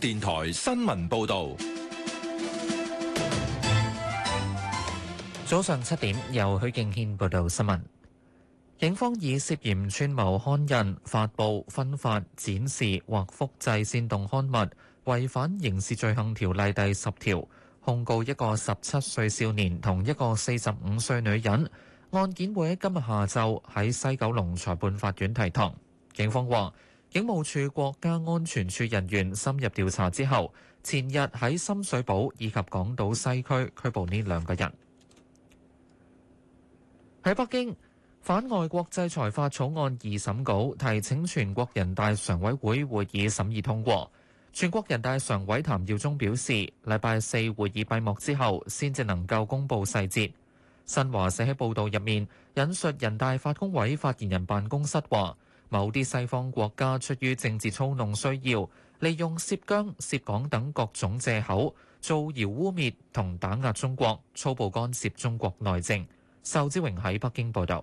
電台新聞報道：早上七點，由許敬軒報道新聞。警方以涉嫌串謀刊印、發布、分發、展示或複製煽動刊物，違反刑事罪行條例第十條，控告一個十七歲少年同一個四十五歲女人。案件會喺今日下晝喺西九龍裁判法院提堂。警方話。警務處國家安全處人員深入調查之後，前日喺深水埗以及港島西區拘捕呢兩個人。喺北京，反外國制裁法草案二審稿提請全國人大常委會會議審議通過。全國人大常委譚耀宗表示，禮拜四會議閉幕之後，先至能夠公布細節。新華社喺報道入面引述人大法工委發言人辦公室話。某啲西方國家出於政治操弄需要，利用涉疆、涉港等各種借口，造謠污蔑同打壓中國，粗暴干涉中國內政。仇之榮喺北京報道。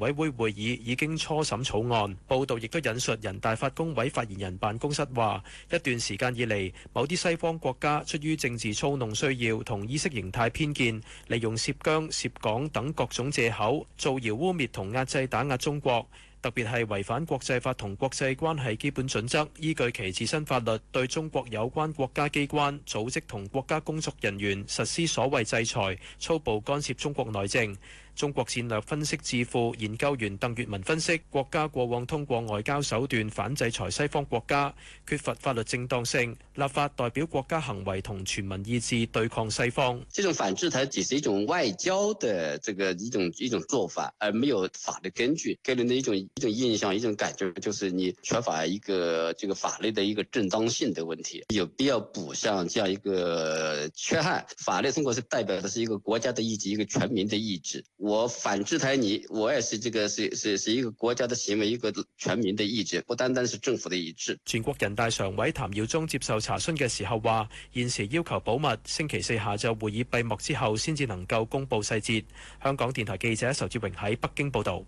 委會會議已經初審草案。報道亦都引述人大法工委發言人辦公室話，一段時間以嚟，某啲西方國家出於政治操弄需要同意識形態偏見利用涉疆、涉港等各種借口，造謠污衊同壓制打壓中國，特別係違反國際法同國際關係基本準則，依據其自身法律對中國有關國家機關、組織同國家工作人員實施所謂制裁，粗暴干涉中國內政。中國戰略分析智庫研究員鄧月文分析，國家過往通過外交手段反制裁西方國家，缺乏法律正當性，立法代表國家行為同全民意志對抗西方。這種反制裁只是一種外交的這個一種一種做法，而沒有法律根據，給人的一種一種印象，一種感覺，就是你缺乏一個這個法律的一個正當性的問題，有必要補上這樣一個缺憾。法律，中國是代表的是一個國家的意志，一個全民的意志。我反制裁你，我也是，這個是是是一個國家的行為，一個全民的意志，不單單是政府的意志。全國人大常委譚耀宗接受查詢嘅時候話，現時要求保密，星期四下晝會議閉幕之後先至能夠公布細節。香港電台記者仇志榮喺北京報道，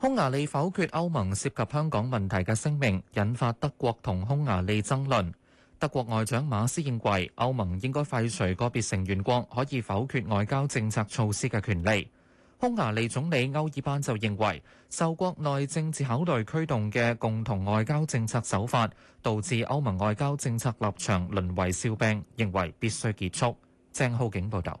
匈牙利否決歐盟涉及香港問題嘅聲明，引發德國同匈牙利爭論。德國外長馬斯認為，歐盟應該廢除個別成員國可以否決外交政策措施嘅權利。匈牙利總理歐爾班就認為，受國內政治考慮驅動嘅共同外交政策手法，導致歐盟外交政策立場淪為笑柄，認為必須結束。鄭浩景報道。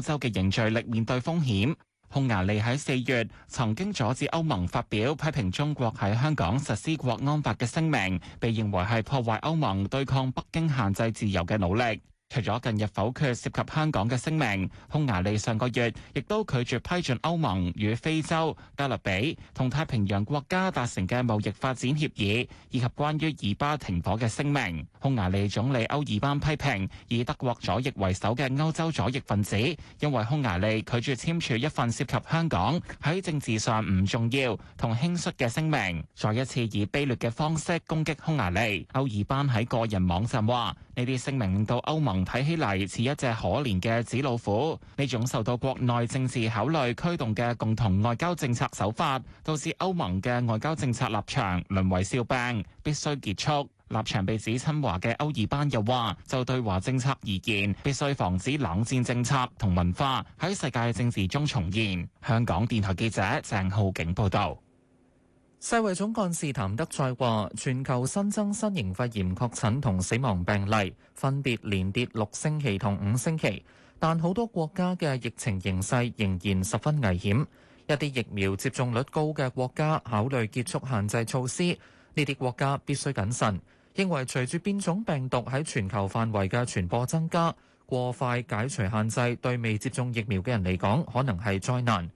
州嘅凝聚力面對風險。匈牙利喺四月曾經阻止歐盟發表批評中國喺香港實施國安法嘅聲明，被認為係破壞歐盟對抗北京限制自由嘅努力。除咗近日否決涉及香港嘅聲明，匈牙利上個月亦都拒絕批准歐盟與非洲、加勒比同太平洋國家達成嘅貿易發展協議，以及關於以巴停火嘅聲明。匈牙利總理歐爾班批評以德國左翼為首嘅歐洲左翼分子，因為匈牙利拒絕簽署一份涉及香港喺政治上唔重要同輕率嘅聲明，再一次以卑劣嘅方式攻擊匈牙利。歐爾班喺個人網站話：呢啲聲明令到歐盟。睇起嚟似一隻可憐嘅紙老虎。呢種受到國內政治考慮驅動嘅共同外交政策手法，導致歐盟嘅外交政策立場淪為笑柄，必須結束。立場被指親華嘅歐爾班又話，就對華政策而言，必須防止冷戰政策同文化喺世界政治中重現。香港電台記者鄭浩景報道。世衛總幹事譚德塞話：全球新增新型肺炎確診同死亡病例分別連跌六星期同五星期，但好多國家嘅疫情形勢仍然十分危險。一啲疫苗接種率高嘅國家考慮結束限制措施，呢啲國家必須謹慎，認為隨住變種病毒喺全球範圍嘅傳播增加，過快解除限制對未接種疫苗嘅人嚟講可能係災難。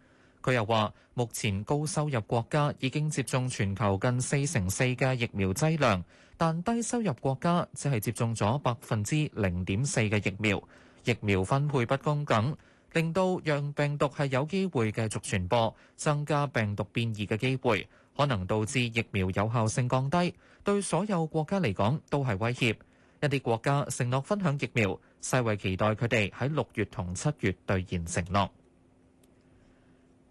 佢又話：目前高收入國家已經接種全球近四成四嘅疫苗劑量，但低收入國家只係接種咗百分之零點四嘅疫苗。疫苗分配不公平，令到讓病毒係有機會繼續傳播，增加病毒變異嘅機會，可能導致疫苗有效性降低，對所有國家嚟講都係威脅。一啲國家承諾分享疫苗，世衛期待佢哋喺六月同七月兌現承諾。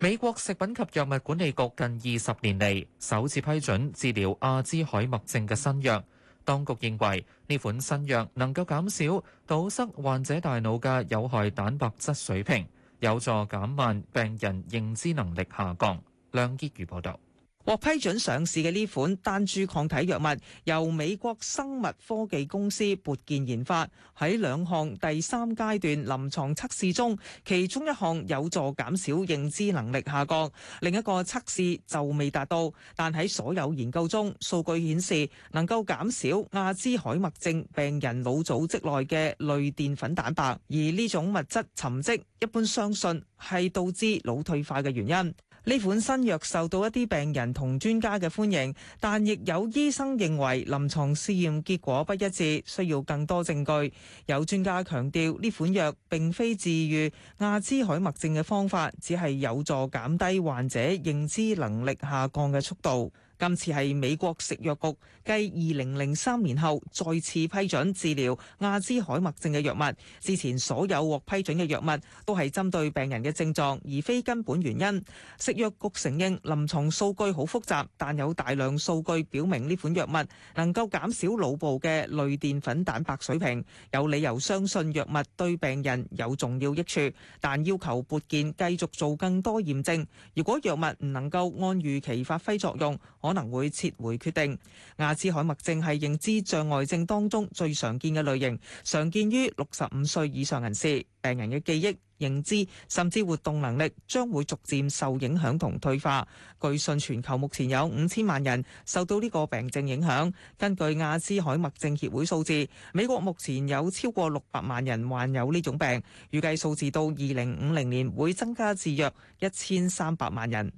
美國食品及藥物管理局近二十年嚟首次批准治療阿茲海默症嘅新藥，當局認為呢款新藥能夠減少堵塞患者大腦嘅有害蛋白質水平，有助減慢病人認知能力下降。梁杰如報導。獲批准上市嘅呢款單株抗體藥物，由美國生物科技公司渤健研發，喺兩項第三階段臨床測試中，其中一項有助減少認知能力下降，另一個測試就未達到。但喺所有研究中，數據顯示能夠減少亞茲海默症病人腦組織內嘅類澱粉蛋白，而呢種物質沉積，一般相信係導致腦退化嘅原因。呢款新藥受到一啲病人同專家嘅歡迎，但亦有醫生認為臨床試驗結果不一致，需要更多證據。有專家強調，呢款藥並非治癒亞茲海默症嘅方法，只係有助減低患者認知能力下降嘅速度。今次係美國食藥局繼二零零三年後再次批准治療亞茲海默症嘅藥物。之前所有獲批准嘅藥物都係針對病人嘅症狀，而非根本原因。食藥局承認臨床數據好複雜，但有大量數據表明呢款藥物能夠減少腦部嘅類澱粉蛋白水平，有理由相信藥物對病人有重要益處，但要求撥健繼續做更多驗證。如果藥物唔能夠按預期發揮作用，可能會撤回決定。亞茲海默症係認知障礙症當中最常見嘅類型，常見於六十五歲以上人士。病人嘅記憶、認知甚至活動能力將會逐漸受影響同退化。據信全球目前有五千萬人受到呢個病症影響。根據亞茲海默症協會數字，美國目前有超過六百萬人患有呢種病，預計數字到二零五零年會增加至約一千三百萬人。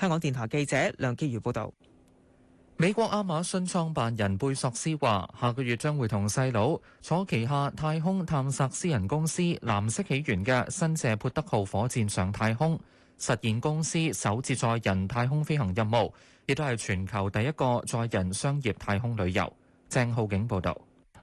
香港電台記者梁基如報導。美國亞馬遜創辦人貝索斯話，下個月將會同細佬坐旗下太空探索私人公司藍色起源嘅新謝潑德號火箭上太空，實現公司首次載人太空飛行任務，亦都係全球第一個載人商業太空旅遊。鄭浩景報道。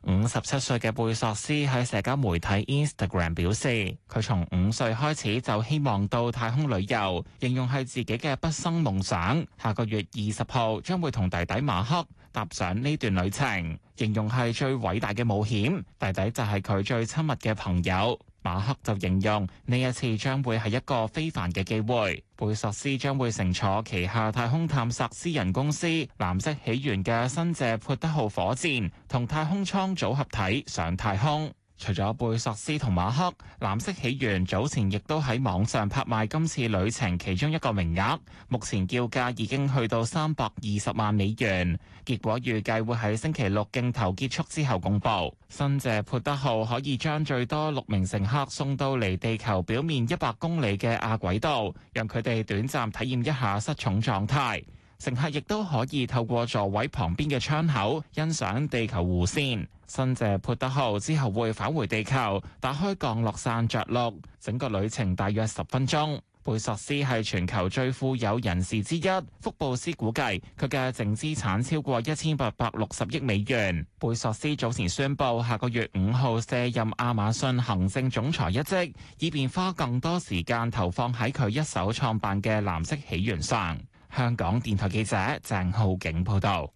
五十七歲嘅貝索斯喺社交媒體 Instagram 表示，佢從五歲開始就希望到太空旅遊，形容係自己嘅畢生夢想。下個月二十號將會同弟弟馬克踏上呢段旅程，形容係最偉大嘅冒險。弟弟就係佢最親密嘅朋友。馬克就形容呢一次將會係一個非凡嘅機會，貝索斯將會乘坐旗下太空探索私人公司藍色起源嘅新謝潑德號火箭同太空艙組合體上太空。除咗貝索斯同馬克，藍色起源早前亦都喺網上拍賣今次旅程其中一個名額，目前叫價已經去到三百二十萬美元，結果預計會喺星期六競投結束之後公佈。新謝潑德號可以將最多六名乘客送到離地球表面一百公里嘅亞軌道，讓佢哋短暫體驗一下失重狀態。乘客亦都可以透過座位旁邊嘅窗口欣賞地球弧線。新謝潑德號之後會返回地球，打開降落傘着陸，整個旅程大約十分鐘。貝索斯係全球最富有人士之一，福布斯估計佢嘅淨資產超過一千八百六十億美元。貝索斯早前宣布下個月五號卸任亞馬遜行政總裁一職，以便花更多時間投放喺佢一手創辦嘅藍色起源上。香港電台記者鄭浩景報道：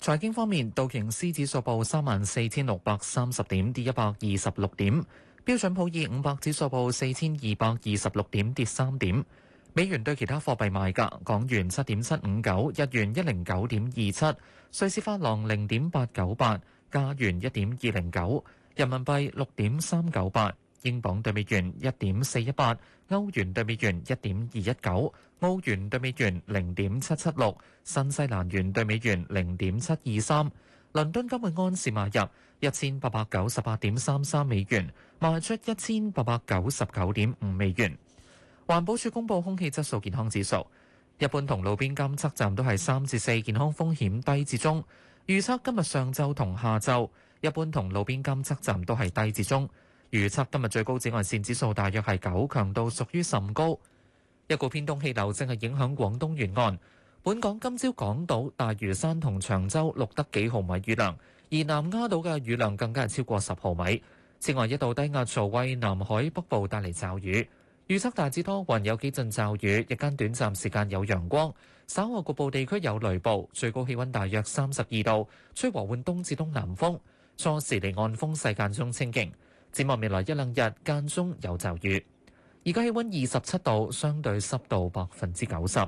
財經方面，道瓊斯指數報三萬四千六百三十點，跌一百二十六點；標準普爾五百指數報四千二百二十六點，跌三點。美元對其他貨幣賣價：港元七點七五九，日元一零九點二七，瑞士法郎零點八九八，加元一點二零九，人民幣六點三九八，英鎊兌美元一點四一八。歐元對美元一點二一九，澳元對美元零點七七六，新西蘭元對美元零點七二三。倫敦今日安士買入一千八百九十八點三三美元，賣出一千八百九十九點五美元。環保署公布空氣質素健康指數，一般同路邊監測站都係三至四，健康風險低至中。預測今日上晝同下晝，一般同路邊監測站都係低至中。預測今日最高紫外線指數大約係九，強度屬於甚高。一股偏東氣流正係影響廣東沿岸，本港今朝港島、大嶼山同長洲錄得幾毫米雨量，而南丫島嘅雨量更加係超過十毫米。此外，一道低壓槽為南海北部帶嚟驟雨，預測大致多雲，有幾陣驟雨，日間短暫時間有陽光，稍後局部地區有雷暴。最高氣温大約三十二度，吹和緩東至東南風，初時離岸風勢間中清勁。展望未來一兩日間中有驟雨，而家氣温二十七度，相對濕度百分之九十。